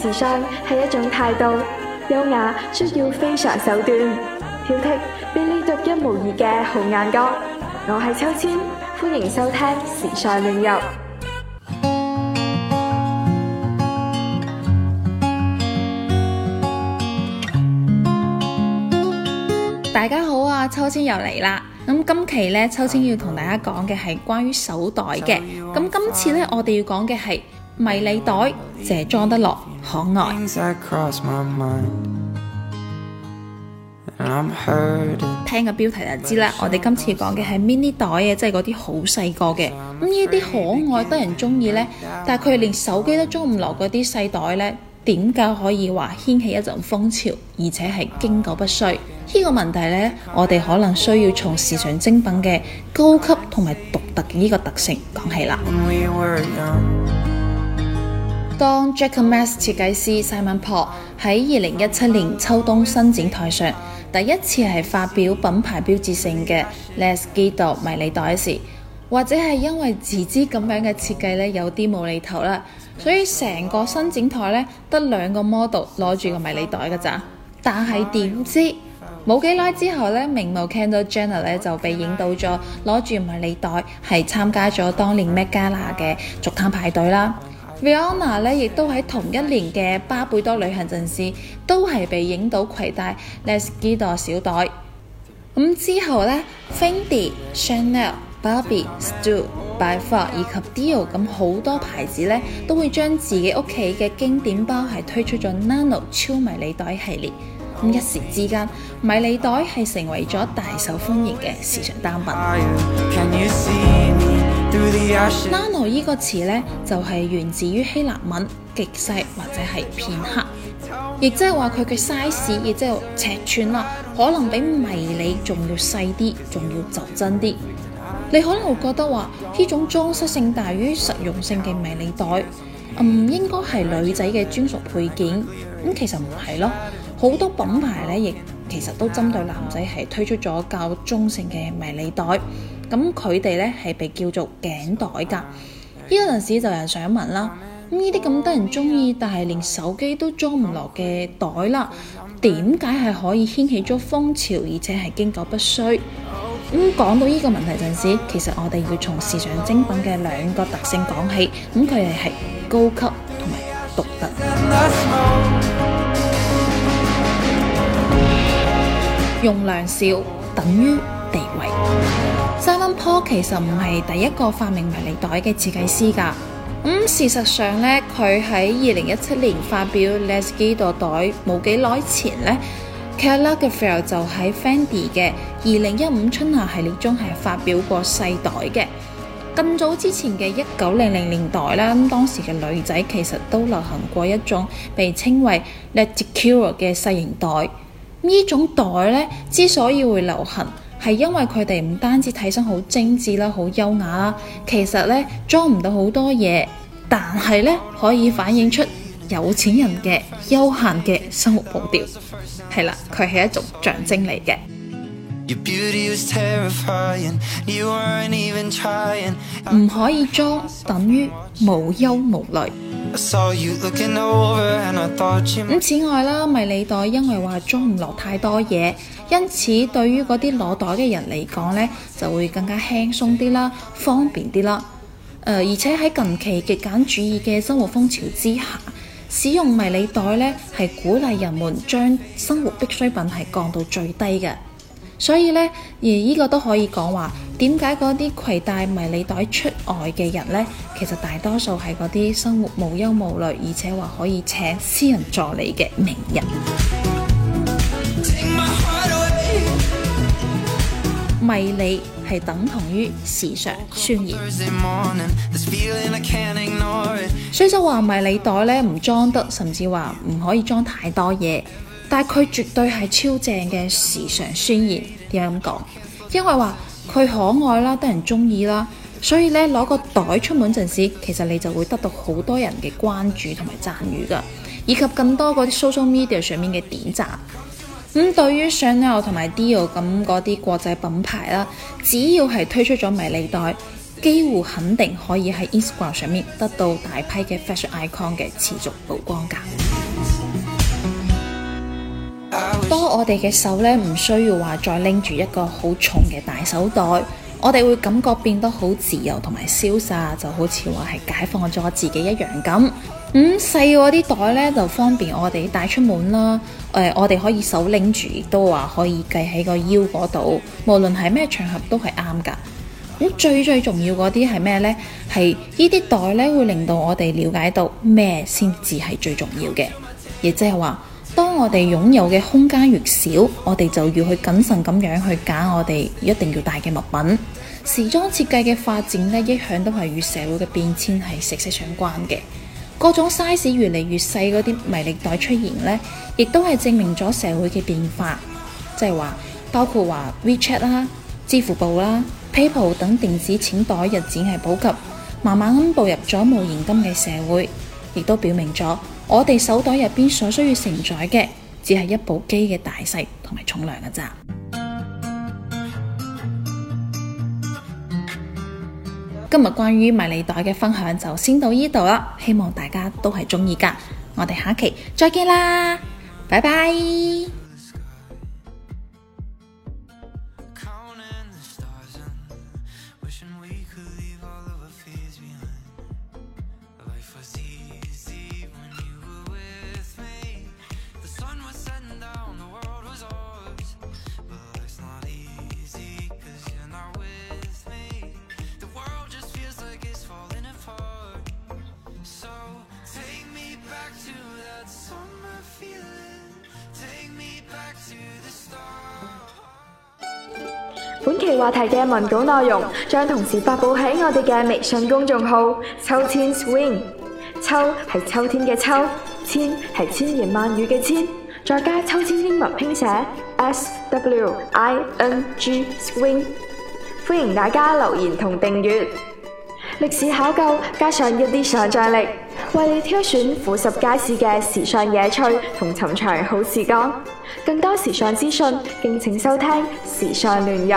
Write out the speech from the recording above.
時尚係一種態度，優雅需要非常手段，挑剔俾你獨一無二嘅紅眼光。我係秋千，歡迎收聽時尚領域。大家好啊，秋千又嚟啦。咁今期呢，秋千要同大家講嘅係關於手袋嘅。咁今次呢，我哋要講嘅係。迷你袋，淨係裝得落可愛。聽個標題就知啦，是我哋今次講嘅係 mini 袋啊，即係嗰啲好細個嘅。咁呢啲可愛得人中意咧，但係佢連手機都裝唔落嗰啲細袋咧，點解可以話掀起一陣風潮，而且係經久不衰？呢個問題咧，我哋可能需要從時尚精品嘅高級同埋獨特嘅呢個特性講起啦。當 Jacquemus 設計師 Simon Porte 喺二零一七年秋冬伸展台上第一次係發表品牌標誌性嘅 Le Chiquito 迷你袋的時，或者係因為自知咁樣嘅設計咧有啲冇厘頭啦，所以成個伸展台咧得兩個 model 攞住個迷你袋㗎咋。但係點知冇幾耐之後咧，名模 Kendall Jenner 咧就被影到咗攞住迷你袋，係參加咗當年 Met Gala 嘅續攤派對啦。Rihanna 咧，亦都喺同一年嘅巴貝多旅行陣時，都係被影到攜帶 Le Chiquito 小袋。咁、嗯、之後呢 Fendi Chanel BOYY, Staud, Bye、BOYY、Staud By Far 以及 Dior 咁好多牌子呢，都會將自己屋企嘅經典包係推出咗 Nano 超迷你袋系列。咁、嗯、一時之間，迷你袋係成為咗大受歡迎嘅時尚單品。Can you see nano 呢個詞呢，就係、是、源自於希臘文，極細或者係片刻，亦即係話佢嘅 size 亦即係尺寸啦，可能比迷你仲要細啲，仲要袖珍啲。你可能會覺得話呢種裝飾性大於實用性嘅迷你袋，唔、嗯、應該係女仔嘅專屬配件。咁、嗯、其實唔係咯，好多品牌呢，亦其實都針對男仔係推出咗較中性嘅迷你袋。咁佢哋咧，係被叫做頸袋噶，呢、這個陣時就有人想問啦。呢啲咁多人中意，但係連手機都裝唔落嘅袋啦，點解係可以掀起咗風潮，而且係經久不衰？咁講到呢個問題陣時，其實我哋要從時尚精品嘅兩個特性講起。咁佢哋係高級同埋獨特，用量少等於。地位。Simon Porte 其實唔係第一個發明迷你袋嘅設計師㗎。咁、嗯、事實上呢佢喺二零一七年發表 Le Chiquito 袋冇幾耐前呢 Karl Lagerfeld 就喺 Fendi 嘅二零一五春夏系列中係發表過細袋嘅。更早之前嘅一九零零年代啦，咁、嗯、當時嘅女仔其實都流行過一種被稱為 Le Chiquito 嘅細型袋。呢、嗯、種袋呢之所以會流行。是因為佢哋唔單止睇起身好精緻啦，好優雅啦，其實呢裝唔到好多嘢，但係呢可以反映出有錢人嘅悠閒嘅生活步調，係啦，佢係一種象徵嚟嘅，唔可以裝等於無憂無慮。咁此外啦，迷你袋因為話裝唔落太多嘢，因此對於嗰啲攞袋嘅人嚟講呢，就會更加輕鬆啲啦，方便啲啦。呃，而且喺近期極簡主義嘅生活風潮之下，使用迷你袋呢係鼓勵人們將生活必需品係降到最低嘅。所以呢，而呢個都可以講話，點解嗰啲攜帶迷你袋出外嘅人呢？其實大多數係嗰啲生活無憂無慮，而且話可以請私人助理嘅名人。迷你係等同於時尚宣言，所以就話迷你袋呢唔裝得，甚至話唔可以裝太多嘢。但佢絕對係超正嘅時尚宣言，點解咁講？因為話佢可愛啦，得人鍾意啦，所以咧攞個袋出門陣時，其實你就會得到好多人嘅關注同埋讚譽噶，以及更多嗰啲 social media 上面嘅點贊。咁對於 Chanel 同埋 Dior 咁嗰啲國際品牌啦，只要係推出咗迷你袋，幾乎肯定可以喺 Instagram 上面得到大批嘅 fashion icon 嘅持續曝光噶。當我哋嘅手咧，唔需要話再拎住一個好重嘅大手袋，我哋會感覺變得好自由同埋瀟灑，就好似話係解放咗自己一樣咁。咁細嗰啲袋咧就方便我哋帶出門啦。誒、呃，我哋可以手拎住，亦都話可以繫喺個腰嗰度，無論係咩場合都係啱噶。咁、嗯、最最重要嗰啲係咩咧？係呢啲袋咧會令到我哋了解到咩先至係最重要嘅，亦即係話。當我哋擁有嘅空間越少，我哋就要謹去謹慎咁樣去揀我哋一定要帶嘅物品。時裝設計嘅發展咧，一向都係與社會嘅變遷係息息相關嘅。各種 size 越嚟越細嗰啲迷你袋出現呢，亦都係證明咗社會嘅變化。即係話，包括話 WeChat 啦、支付寶啦、PayPal 等電子錢袋日漸係普及，慢慢步入咗冇現金嘅社會，亦都表明咗。我哋手袋入邊所需要承載嘅，只係一部機嘅大小同埋重量咋。今日關於迷你袋嘅分享就先到呢度啦，希望大家都係鍾意噶。我哋下期再見啦，拜拜。本期話題嘅文稿內容將同時發佈喺我哋嘅微信公眾號秋千 Swing，秋係秋天嘅秋，千係千言萬語嘅千，再加秋千英文拼寫 S-W-I-N-G Swing，歡迎大家留言同訂閱，歷史考究加上一啲想象力。為你挑選俯拾皆是嘅時尚野趣同尋常好時光，更多時尚資訊，敬請收聽《時尚亂入》。